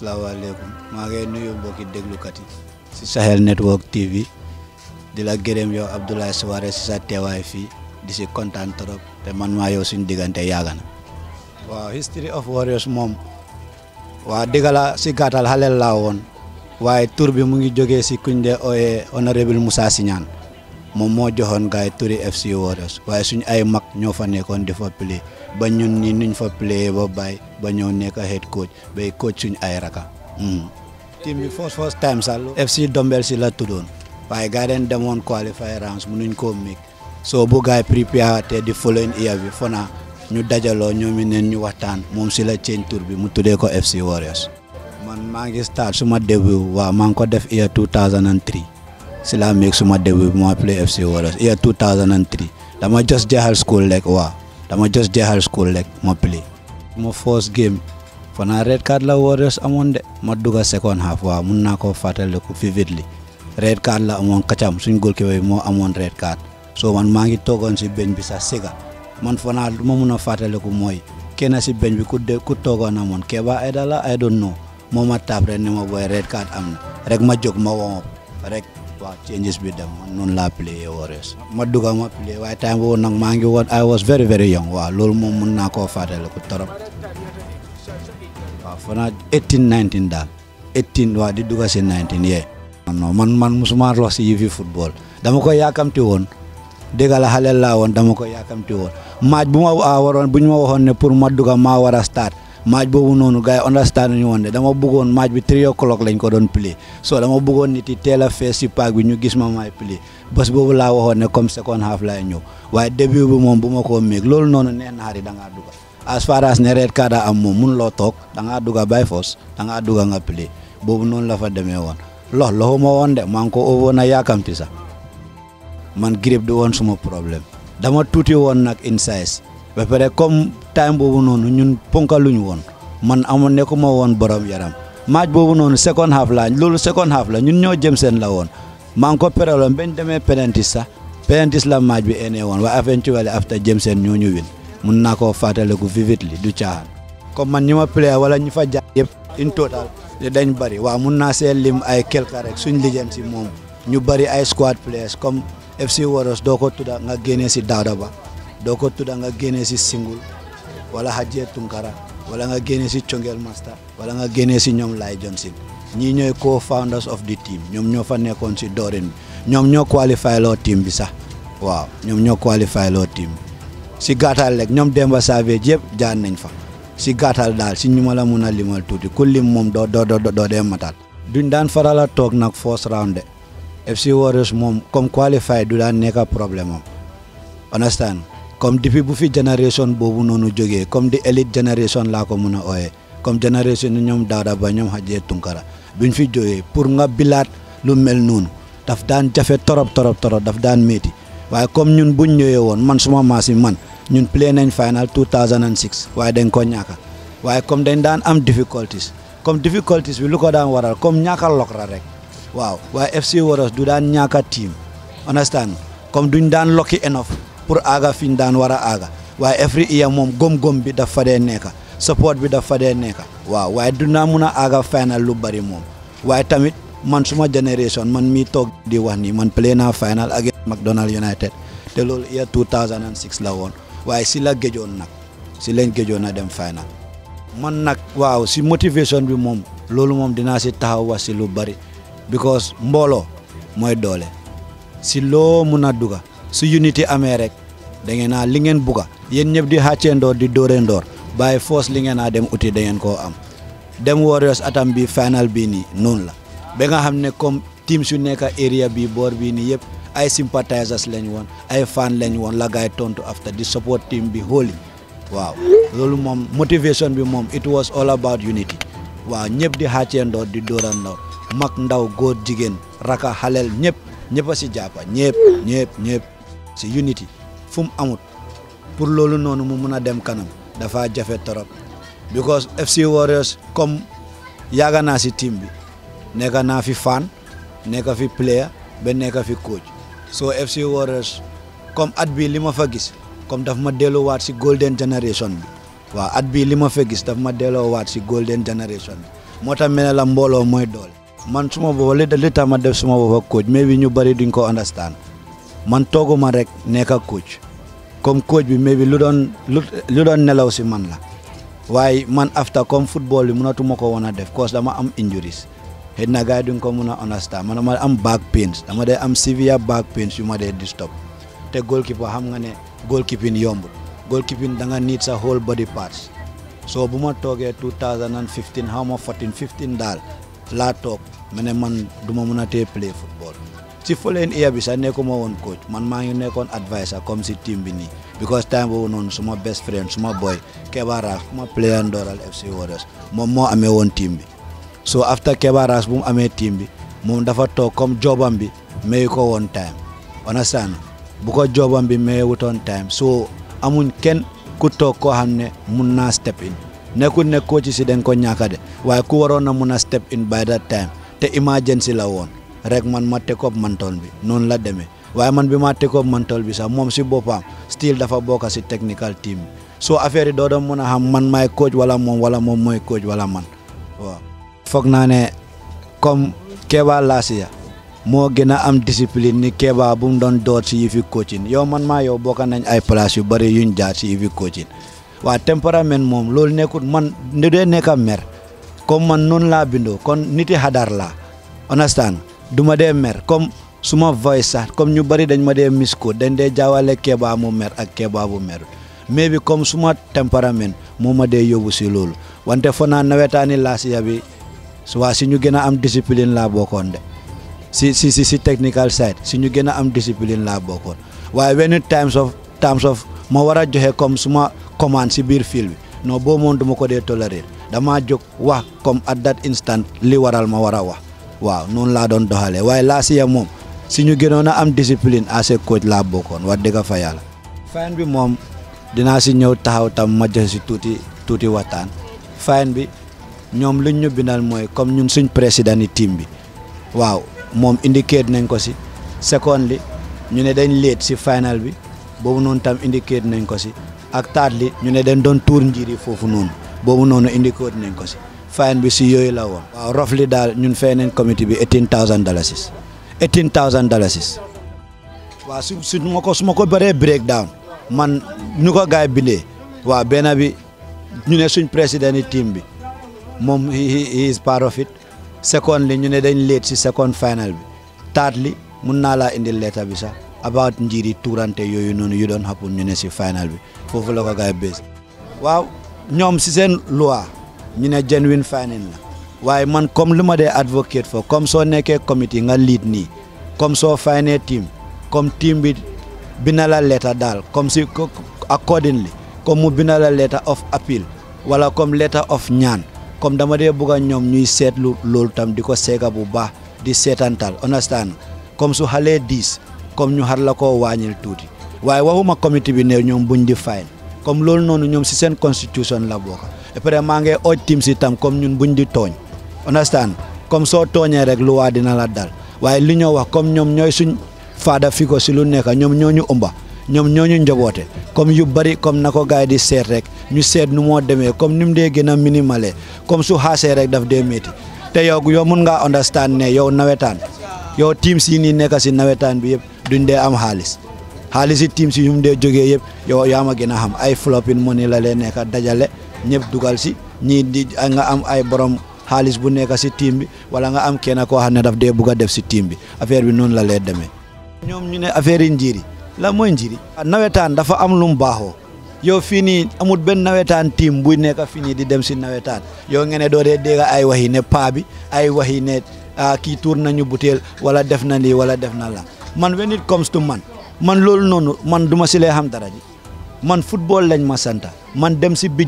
asalaamaaleykum maa ngay nuyu mbokki déglukat yi si Sahel Network TV di la gërëm yow Abdoulaye Souare si sa teewaay fii di si kontaan trop te man maa yow suñu diggante yàgg na waaw history of warriors moom waa dëgg la si gàttal xaleel laa woon waaye tur bi mu ngi jógee si kuñ de ooyee honorable Moussa Siñaan moom moo joxoon gars yi turi FC Warriors waaye suñu ay mag ñoo fa nekkoon di fa play ba ñun nii nuñ fa play ba baay ba ñëw nekk head coach bay coach suñu ay raka. Hmm. team bi first first time sax FC Dombel si la tuddoon waaye gars yi dañ demoon qualify rounds nuñ koo miig soo bu gars yi prepare te di following year bi fona ñu dajaloo ñoom it neen ñu waxtaan moom si la change tour bi mu tuddee ko FC Warriors. man maa ngi start suma début waaw maa ngi ko def year 2003. Sila makes my ma when I play FC Warriors. Year dama That my just Jahal school like wow. That my just Jahal school like my play. My first game for red card la Warriors amoon de ma dugga second half waaw mun naa koo fàttaliku vividly red card la amoon kacam suñ goalkeeper bi moo amoon red card so man maa ngi toogoon si bench bi sax siga man fa lu ma mun a ku mooy kenn si beñ bi ku de ku toogoon amoon Keba Aidara I don't know moo ma taab rek ne ma booy red card am na rek ma jog ma changes with them non la play Warriors ma duga ma play way time boobu nak mangi won I was very very young wa lol mom mun naa koo ko torop wa 18 19 dah. 18 wa di duga si 19 ye non man man musuma wax si yëfi football dama ko yaakamti woon dégg la won dama ko yakamti won match buma ma ah, waroon bu ma waxoon ne pour ma dugga start maaj boobu noonu gars yi understand ñu woon de dama bëggoon match bi three o'clock lañ ko doon pile so dama bëggoon nit yi teel fees si paak bi ñu gis ma maay play bés boobu laa waxoon ne comme second half laay ñëw waaye début bu moom bu ma ko méeg loolu noonu nee naar yi da ngaa dugal as far as ne red card am moom mun loo toog da ngaa dugal by force da ngaa dugal nga play boobu noonu la fa demee woon lox loxu ma woon de maa ngi ko owoon a yaakamti sax man grippe du woon suma problème dama tuuti woon nag in ba pare comme time boobu noonu ñun ponkaluñu woon man amoon nekkuma woon borom yaram maaj boobu noonu second half la loolu second la ñun ñoo jëm seen la woon maa ngi ko peraloon bañ demee penalty sax penalty la maaj bi eenee woon waaye eventually after jëm seen ñoo ñu win mun naa koo fàttaliku vividly du caaxaan comme man ñi ma player wala ñu fa jaar yëpp in total dañ bëri waaw mun naa see lim ay quelque rek suñ lijëm si moom ñu bari ay squad players comme FC Waros doo ko tudda nga génnee si Daouda Ba doko ko tudd nga singul wala hajje Tunkara wala nga genesi Chongel Master wala nga genesi ñom lay Laye Johnson ñi ñoy co-founders of the team ñom ño fa nekkon nyom dorin ñom ño qualify lo team bi sax waaw ñom ño qualify lo team si gatal rek ñom Demba savé jep jaan nañ fa si gatal dal, si ñuma la mëna limal tuti ku lim do do do do dem matal duñ daan farala tok nak first round FC Warriors mom comme qualify du daan nekk problème understand comme depuis bu fi génération boobu noonu jógee comme di élite génération laa ko mun a ooyee comme génération ñoom Daouda Ba ñoom Hadjee Tunkara buñ fi jógee pour nga bilaat lu mel noonu daf daan jafe torop torop torop daf daan métti waaye comme ñun buñ ñëwee woon man suma maas yi man ñun play nañ final 2006 waaye dañ ko ñàkk waaye comme dañ daan am difficulties comme difficulties bi lu ko daan waral comme ñàkk a Lokra rek waaw waaye FC Warriors du daan ñàkk a daan lokki pour aga findan wara aga way every year mom gom gom bi da fade neka support bi da fade neka waaw way duna muna aga final lu bari mom way tamit man suma generation man mi tok di wax ni man plena final ak McDonald United te lol year 2006 la won way si la gejon nak si len gejon na dem final man nak waaw si motivation bi mom lolou mom dina ci taxaw wa ci lu bari because mbolo moy dole si lo muna duga su unity amé da ngeen a li ngeen buga yéen ñëpp di xàcceendoor di dóoreendoor bàyyi foos li ngeen a dem uti da ngeen koo am dem warriors atam bi final bi nii noonu la ba nga xam ne comme team su nekk area bi boor bi nii yëpp ay sympathisers lañ woon ay fan lañ woon la gaay tontu after di support team bi holy wow, loolu moom motivation bi mom, it was all about unity waaw ñëpp di xàcceendoor di dóorandoor mag ndaw góor jigéen raka xaleel ñëpp ñëpp a si jàppa ñëpp ñëpp ñëpp si unity fu mu amut pour loolu noonu mu mun a dem kanam dafa jafe torop because FC Warriors comme yàgg naa si team bi nekk naa fi fan nekk fi player be nekk fi coach so FC Warriors comme at bii li ma fa gis comme daf ma delluwaat si golden generation bi waaw at bii li ma fa gis daf ma delloowaat si golden generation bi moo tax mel ne la mbooloo mooy doole man suma booba li tax ma def suma booba coach mais bi ñu bëri duñ ko understand man tooguma rek nekk ak coach comme coach bi mais bi lu doon lu doon nelaw si man la waaye man after comme football bi mënatuma ko woon a def cause dama am injuries xëy na gars yi duñ ko mën a understand man dama am back pains dama dee am severe back pains yu ma dee disturb te goalkeeper xam nga ne goalkeeping yombul goalkeeping da danga need sa whole body parts so bu ma toogee 2015 xaw ma 14 15 daal laa toog ma ne man du ma mën a tee play foot si foleen year bi sax ma woon coach man maa ngi nekkoon advisor comme si team bi nii because time boobu noonu suma best friend suma boy Keba Ras suma player Ndoral FC Warriors moom moo amee woon team bi so after Keba Ras bu mu amee team bi moom dafa toog comme jobam bi may ko woon time understand bu ko jobam bi may wutoon time so amuñ kenn ku toog koo xam ne mun naa step in nekkul ne coach si dañ ko ñàkk de waaye ku waroon na mun a step in by that time te emergency la woon. rek man ma tekoop mantool bi noonu la demee waaye man bi ma tekoop mantool bi sax moom si boppam style dafa bokk si technical team soo affaire yi doo doon mën a xam man maay coach wala moom wala moom mooy coach wala man waaw. foog naa ne comme Keba moo gën a am discipline ni Keba bu mu doon door si yi fi coaching yow man maa yow bokk nañ ay place yu bëri yuñ jaar si yi fi coaching waa tempérament moom loolu nekkul man du dee nekk a mer comme man noonu laa bindoo kon niti xadar laa understand du ma dee mer comme suma ma voice sax comme ñu bëri dañ ma dee ko dañ dee jaawale Kéba mu mer ak Kéba bu mer mais bi comme su ma tempérament moo ma dee yóbbu si loolu wante fo naa nawetaani laasiya bi waa si ñu gën a am discipline laa bokkoon de si si si si technical side si ñu gën a am discipline laa bokkoon waaye wenn times of times of ma war a joxe comme suma commande si biir fil bi non boo moom du ko dee tolérer dama jóg wax comme at that instant li waral ma war a wax waaw noonu laa doon doxalee waaye last year moom si ñu gënoon a am discipline as a coach laa bokkoon wax dëgg fa yàlla. fine bi moom dinaa si ñëw taxaw tam ma joxe si tuuti tuuti waxtaan fine bi ñoom luñ ñu bindal mooy comme ñun suñ président yi team bi waaw moom indicate nañ ko si second li ñu ne dañ léet si final bi boobu noonu tam indicate nañ ko si ak taat li ñu ne dañ doon tuur njiir yi foofu noonu boobu noonu indicate nañ ko si. fine bi si yooyu la woon. waaw roughly daal ñun fay nañ comité bi eighteen thousand dalasis eighteen thousand dalasis waaw su su ma ko su ma ko bëree break down man ñu ko gaay bindee waaw benn bi ñu ne suñ président yi tiim bi moom he is part of it second ñu ne dañ leet si second final bi taat li mun naa laa indil leeta bi sax about njiiri tuurante yooyu noonu yu doon happen ñu ne si final bi foofu la ko gaay bés waaw ñoom si seen loi ñu ne genuine finance la waaye man comme lu ma dee advocate fo comme soo nekkee committee nga liit nii comme soo faynee tiim comme tiim bi bina la letter daal comme si accordingly comme mu bina la letter of appeal wala comme letter of ñaan comme dama dee bëgg a ñoom ñuy seetlu loolu tam di ko seega bu baax di seetantal understand comme su xalee diis comme ñu xar la koo waañil tuuti waaye waxuma comité bi ne ñoom buñ di fayal comme loolu noonu ñoom si seen constitution la bokk après maa ngi ooj team si tam comme ñun buñ di tooñ understand comme soo tooñee rek lu waa dina la dal waaye li ñoo wax comme ñoom ñooy suñ faada fi ko si lu nekk ñoom ñoo ñu ëmba ñoom ñoo ñu njaboote comme yu bari comme nako ko gars di seet rek ñu seet nu moo demee comme ni mu dee gën a minimale comme su xaasee rek daf dee métti te yow yow mun ngaa understand ne yow nawetaan yow team si nii nekk si nawetaan bi yëpp duñ dee am xaalis xaalis yi team si yu mu dee jógee yëpp yow yaa ma gën a xam ay flopping money la lee nekk dajale. ñëpp dugal si ñii di nga am ay borom xaalis bu nekk si tiim bi wala nga am kenn koo xam ne dafa dee bugg a def si tiim bi affaire bi noonu la lay demee. ñoom ñu ne affaire yi njiiri la mooy njiiri. nawetaan dafa am lu mu baaxoo yow fii nii amul benn nawetaan tiim buy nekk fii nii di dem si nawetaan yow ngeen ne doo dee dégg ay wax yi ne paa bi ay wax yi ne kii tuur nañu butéel wala def na lii wala def na la man when it comes man man loolu noonu man duma si lay xam dara ji man football lañ ma santa man dem si bi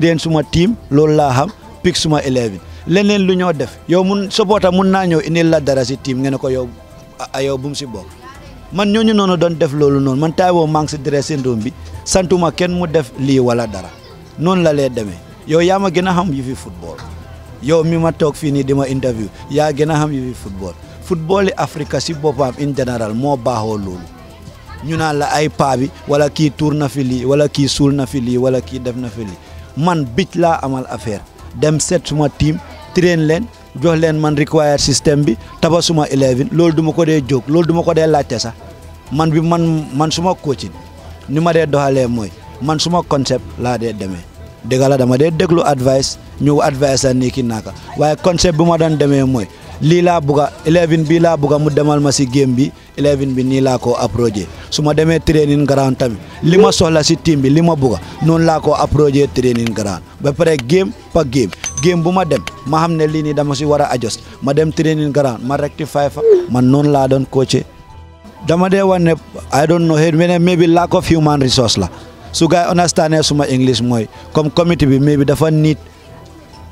train suma team lol la ham pick suma eleven lenen lu def yow mun supporter mun na ñew indil la dara si team ngeen ko yow ayo bu mu man ñoñu noonu don def lolou non man taay mang mang si dressing room bi santuma ken mu def li wala dara non la lay demee yow ya ma gëna xam football yo mi ma tok fi ni dima interview ya gëna ham xam football football afrika Africa si boppam in general mo baaxo lolou ñu la ay pa bi wala ki tourna fi li wala ki sulna fi li wala ki defna fi li man bic laa amal affaire dem seet suma tiim train leen jox leen man require système bi taba suma élève loolu duma ko dee jóg loolu duma ko dee laajte sax man bi man man suma coaching ni ma dee doxalee mooy man suma concept laa dee demee dëgg la dama dee déglu advice ñu advice la nii naa ka waaye concept bi ma doon demee mooy lii laa bugga eleven bii laa bugga mu demal ma si game bi eleven bi nii laa ko approché su ma demee training ground tamit li ma soxla si team bi li ma bugga noonu laa ko approché training ground ba pare gém par game game bu ma dem ma xam ne lii nii dama si war a adjust ma dem training ground ma rectify fa man noonu laa doon coaché dama dee wan ne I don't know xëy na laa ko of human resource la su gars understand suma English mooy comme comité bi maybe dafa niit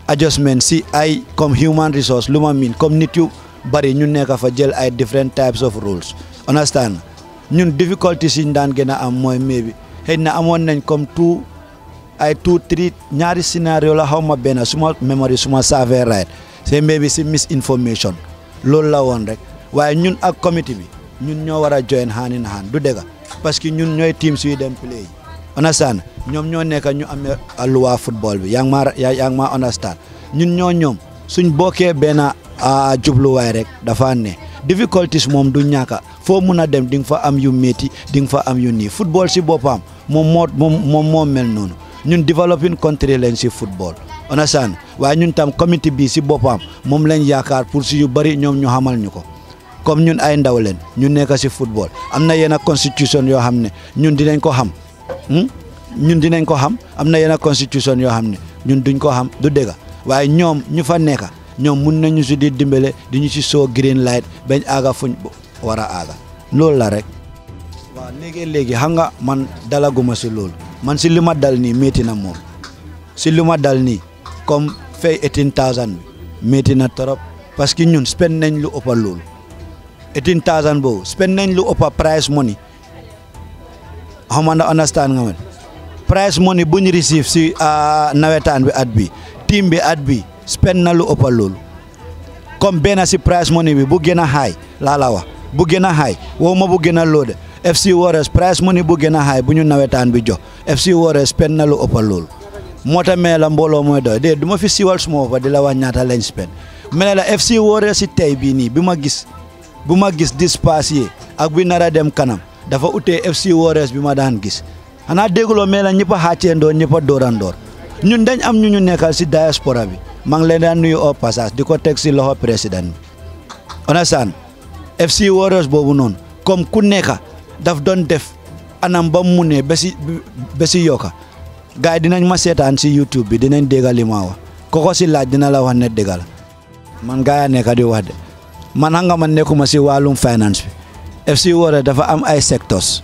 adjustment si ay comme human resource lu ma miin comme nit yu bari ñu nekk fa jël ay different types of rules understand ñun difficulté si ñu daan gën a am mooy mai bi xëy na amoon nañ comme tout ay tout tri ñaari scénario la xaw ma benn suma memory suma savee right c'est mai bi si misinformation loolu la woon rek waaye ñun ak comité bi ñun ñoo war a join hand in hand du dëgg parce que ñun ñooy tiim suy dem play understand ñoom ñoo nekk ñu amee luwaa football bi yaa ngi maa yaa ngi maa ñun ñoo ñoom suñ bokkee benn jubluwaay rek dafa ne difficulties moom du ñàkka foo mun a dem di fa am yu métti di nga fa am yu nii football si boppam moom moo moom moo mel noonu ñun developing country leen si football understand waaye ñun tam comité bi si boppam moom lañ yaakaar pour si yu bëri ñoom ñu xamal ñu ko comme ñun ay ndaw leen ñu nekk si football am na yenn constitution yoo xam ne ñun dinañ ko xam. Hmm? ñun dinañ ko xam am na yenn constitution yoo xam ne ñun duñ ko xam du dëgg waaye ñoom ñu fa nekk ñoom mun nañu si di dimbale di ñu si soo green light bañ aaga fuñ war a aaga loolu la rek. waaw léegi-léegi xam nga man dalaguma si loolu man si li ma dal nii métti na moom si li ma dal ni comme fay eighteen thousand bi métti na trop parce que ñun spend nañ lu ëpp loolu eighteen thousand boobu spend nañ lu ëpp price money Amanda understand nga man prize moni bu ñu receive si uh, nawetaan bi at bi tiim bi at bi spend na lu ëppal loolu comme benn si prize moni bi bu gën a xaay laa la wax bu gën a xaay wow ma bu gën a loode FC Warriors prize money bu gën a xaay bu ñu nawetaan bi jox si Warriors spend na lu ëppal loolu moo tax mee la mbooloo mooy doy duma du ma fi siwal suma ba di la wax ñaata lañ spend mene la si Warriors si tey bii nii bi ma gis bu ma gis dispace ak bi nar a dem kanam dafa uti FC Warriors bi ma daan gis ana déglo mee la haaté ndo xàcceendoo dorandor ñun dañ am ñu ñu nekkal ci diaspora bi mang ngi leen daan nuyu au passage diko tek ci loho président FC Warriors bobu non comme ku nekk daf don def anam ba mu ne besi yoka, yoka gaay dinañ ma sétane si YouTube bi dinañ dégal li ma wax koko ci laaj dina la wax ne dégal man gars yi nekk di wax man nga man nekkuma si walum finance FC Woré dafa am ay secteurs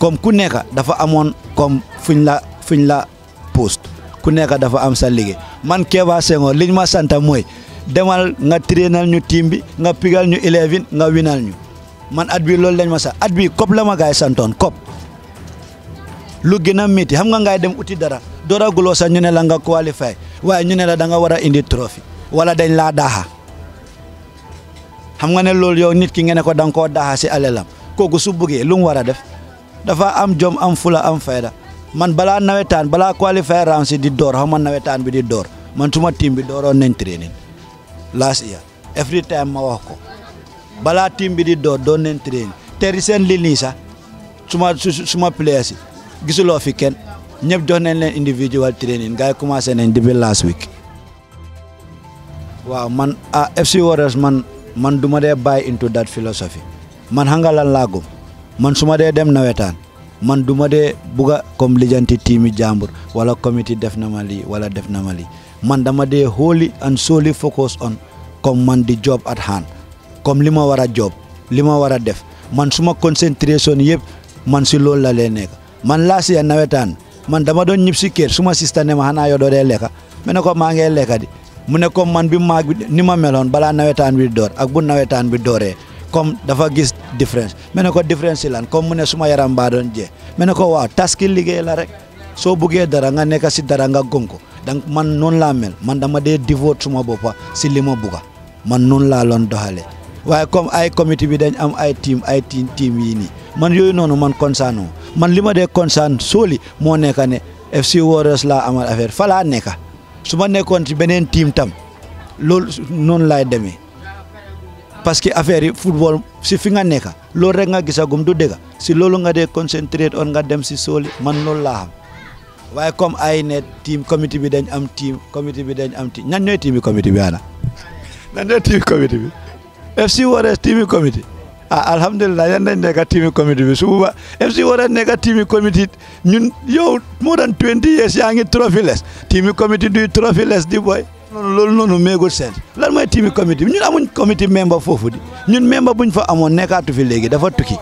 comme ku nekk dafa amoon comme fuñ la fuñ la poste ku nekk dafa am sa liggéey man Kéba Senghor liñ ma santa mooy demal nga trainal ñu team bi nga pigal ñu eleven nga winal ñu man at bii loolu lañ ma sax at bii COP la ma gaay santoon COP lu gën a métti xam nga ngay dem uti dara doora guloo sax ñu ne la nga qualifié waaye ñu ne la da nga war a indi trophée wala dañ laa daaxa xam nga ne loolu yow nit ki nga ne ko dang ko koo daaxasi alalam su lu mu def dafa am jom am fula am fayda man bala nawetan bala qualifier rang ci di door xam man bi di door man tuma tim bi doro nañ training last year every time ma wax ko bala tim bi di door do nañ training te seen li nii sax suma suma players gisulo fi ken ñep jox nañ len individual training gaay commencé nañ début last week Wow, man ah FC Warriors man man du ma dee buy into that philosophy man xam nga laa gëm man su ma dee dem nawetaan man du ma dee bugg a comme lijanti tiimi jàmbur wala comité def na ma lii wala def na ma lii man dama dee wholly an solely focus on comme man di joob at hand comme li ma war a joob li ma war a def man suma concentration yëpp man si loolu la lee nekk man laa si nawetaan man dama doon ñib si kër suma sista ne ma xanaa yoo doo dee lekka ma ne maa ngee leka di mu ne comme man bi maag bi ni ma meloon balaa nawetaan bi door ak bu nawetaan bi dooree comme dafa gis différence ma ne ko différence si lan comme mu ne suma yaram baa doon jee ma ne ko waaw taski liggéey la rek soo buggee dara nga nekk si dara nga gonko donc man noonu laa mel man dama dee dévote suma boppa si li ma bugga man noonu laa loon doxalee waaye comme ay comité bi dañ am ay tiim ay team team yii nii man yooyu noonu man concerne man li ma dee concerne sooli moo nekk ne FC laa amal affaire fa laa suma ne kon ci benen team tam lol non lay demé parce que affaire football si fi nga nekk loolu rek nga du dega si loolu nga dé concentré on nga dem si soli man loolu la am waye comme ay né team comité bi dañ am team comité bi dañ am team ñan ñoy team bi bi ana ñan ñooy team comité bi FC Warriors team comité Ah, alhamdulillah yan nañ nekk timi bi suba FC war a nekk timi ñun yow more than 20 years yaa ngi trophy less timi comité du trophy less di boy loolu noonu méegul seen lan mooy timi comité bi ñun amuñ comité member foofu di ñun member buñ fa amoon nekkaatu fi léegi dafa tukki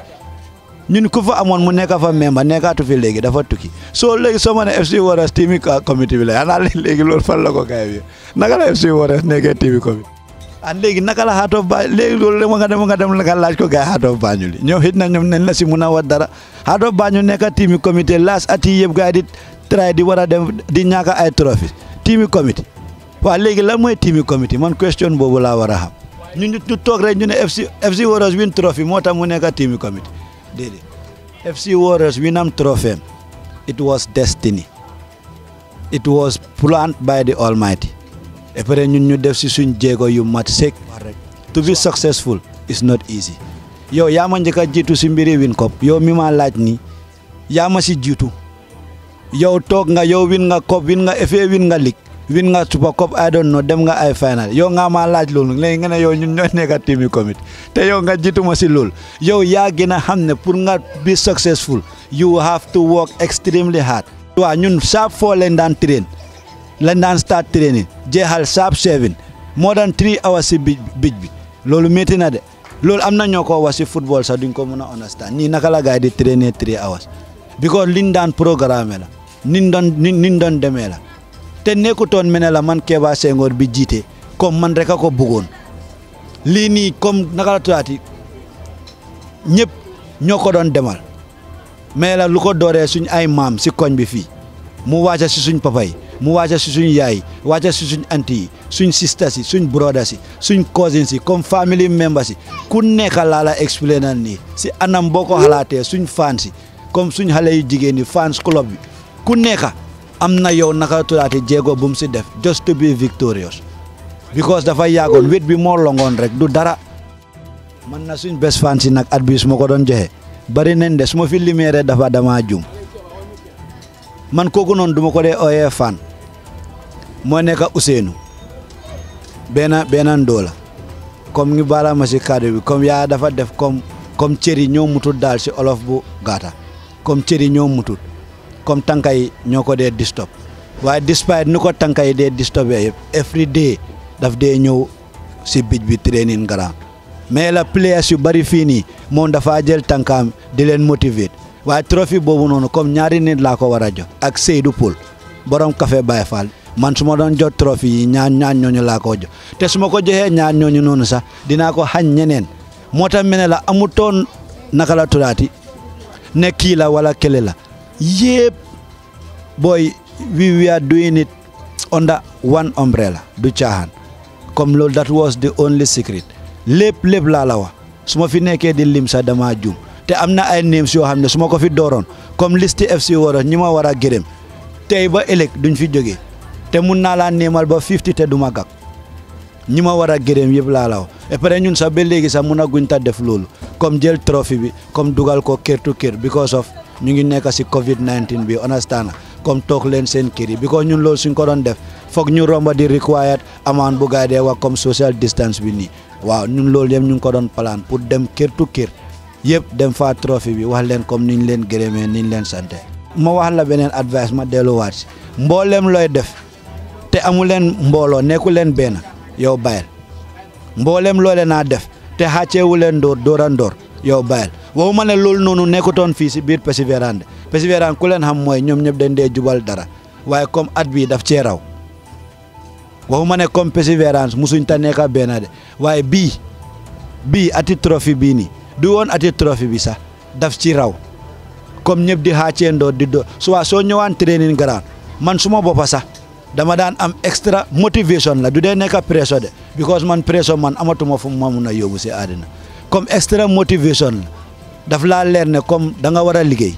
ñun ku fa amoon mu nekk fa member nekkaatu fi léegi dafa tukki soo léegi soo ma ne FC Warriors timi comité bi la xanaa léegi loolu fan la ko gaay bi naka la FC Warriors nekkee ah léegi naka la xaatoof ba léegi loolu dama nga dem dem nga laaj ko gars yi xaatoof Banjul ñoom xit na la si mun a war dara xaatoof Banjul nekk tiimi comité laas at yi yëpp gars di try di war a dem di ñaaka ay trophée tiimi comité waaw léegi lan mooy tiimi comité man question boobu laa war a ñu ñu toog rek ñu ne FC FC Warriors win trophée moo tax mu nekk tiimi comité déedéet FC Warriors win am it was destiny it was planned by the Almighty et ñun ñu def si suñ jéego yu mat sëkk rek to be successful is not easy yow yaa ma njëkk a jiitu si mbiri win cop yow mi ma laaj ni yaa ma si jiitu yow toog nga yow win nga cop win nga FA win nga lig win nga Super Cup I don't know dem nga ay final yow nga ma laaj loolu léegi nga ne yow ñun ñoo nekk at team commit te yow nga jiitu ma si loolu yow yaa gën a xam ne pour nga bi successful you have to work extremely hard. waaw ñun saa foo daan train London start training jeexal sap seven, more than 3 hours ci bij bi loolu métti na de loolu amna na football sa duñ ko mën understand nii naka di trainer 3 hours because liñ daan programme la niñ doon niñ doon demee la te nekkutoon mene la man Keba Senghor bi jiite comme man rek ko bëggoon lii nii comme naka la demal mais la lu ko ay mam si koñ bi fi. mu waaja si suñ papa yi mu waja si suñ yaay waja suñ anti susun suñ sista si suñ broda si suñ cousin si comme family member si ku nekk la la nan ni si anam boko halate, suñ fan si comme suñ halay jigen ni fans club bi ku nekk amna yow naka tulaate jego bum si def just to be victorious because dafa yagone wét bi mo longone rek du dara man na suñ best fan si nak at bi su ma ko joxe bari nañ de mo fi limere dafa dama djum man koku non duma ko fan moo ne nekk Ousseynou benn benn ndoo la comme ngi baala ma si kàddu bi comme yaa dafa def comme comme cëri ñoo mutut daal si olof bu gaata comme cëri ñoo mutut comme tànka yi ñoo ko dee distop waaye despite nu ko tànka yi dee distopé yëpp every day daf dee ñëw si bij bi training ground mais la players yu bari fii nii moom dafa jël tànkaam di leen motiver waaye trophée boobu noonu comme ñaari nit laa ko war a jox ak Seydou Poul borom Café Baye Fall man suma don jot trophy ñaan ñaan ñoñu la ko jox te suma ko joxee ñaan ñoñu nonu sax dina ko xañ ñeneen motam mene la amutoon naka ne ki la wala kele la yeb boy we, we are doing it under one umbrella du chaan comme lol that was the only secret lepp lepp lalawa, la wa suma fi nekké di lim sa dama djum te amna ay names yo xam suma ko fi doron comme liste FC wara ñima wara gërem tay ba elek duñ fi joggé te mun na la ba 50 te duma gak ñima wara ma war gërëm yëpp la law et paré ñun sa ba légui sa mëna guñ ta def lool comme jël trophée bi comme dugal ko kër tu kër because of ñu ngi nekk ci Covid 19 bi understand comme tok leen seen kër yi because ñun lool suñ ko doon def fokk ñu romba di required amane bu gaay wa comme social distance bi ni. waaw ñun lool yëm ñu ko doon plan pour dem kër tu kër yëp dem faa trophée bi wax leen comme niñ leen gërëmé niñ leen sante ma wax la benen advice ma delu wat mbollem loy def te amulen leen nekulen nekku leen benn yow bayal mbollem lolé na def te xàcceewu dor doran dor yow bayal waxuma ne lol nonu nekuton fi ci bir persévérance persévérance ku leen xam mooy ñoom dañ dé jubal dara waye comme at bi daf kom raw musu ne comme persévérance musuñ ta bi benn bi ati trophy bi ni du won ati trophy bi sa daf ci raw comme ñep di xàcceendoo di dóor soit so ñewan training grand man suma bopa sa dama daan am extra motivation la du dee nekk pression de because man pression man amatuma fu ma mun a yóbbu si àddina comme extra motivation la daf laa leer ne comme da nga war a liggéey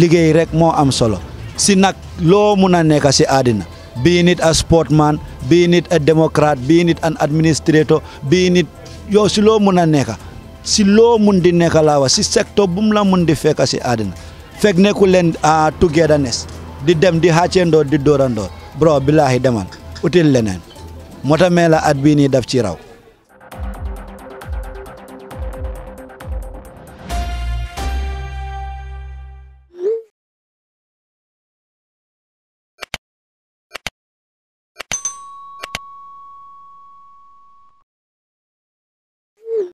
liggéey rek moo am solo si nag loo mun a nekk si àddina bii nit a sportman being it a democrat bii nit an administrator bii nit yow si loo mun a nekka si loo mun di nekk laa si secteur bu mu la mun di fekk si àddina fekk nekku leen ah, togetherness di dem di xàccendoor di dóorandoor bro billaahi demal util leneen moo tax mee la at bii nii daf ci raw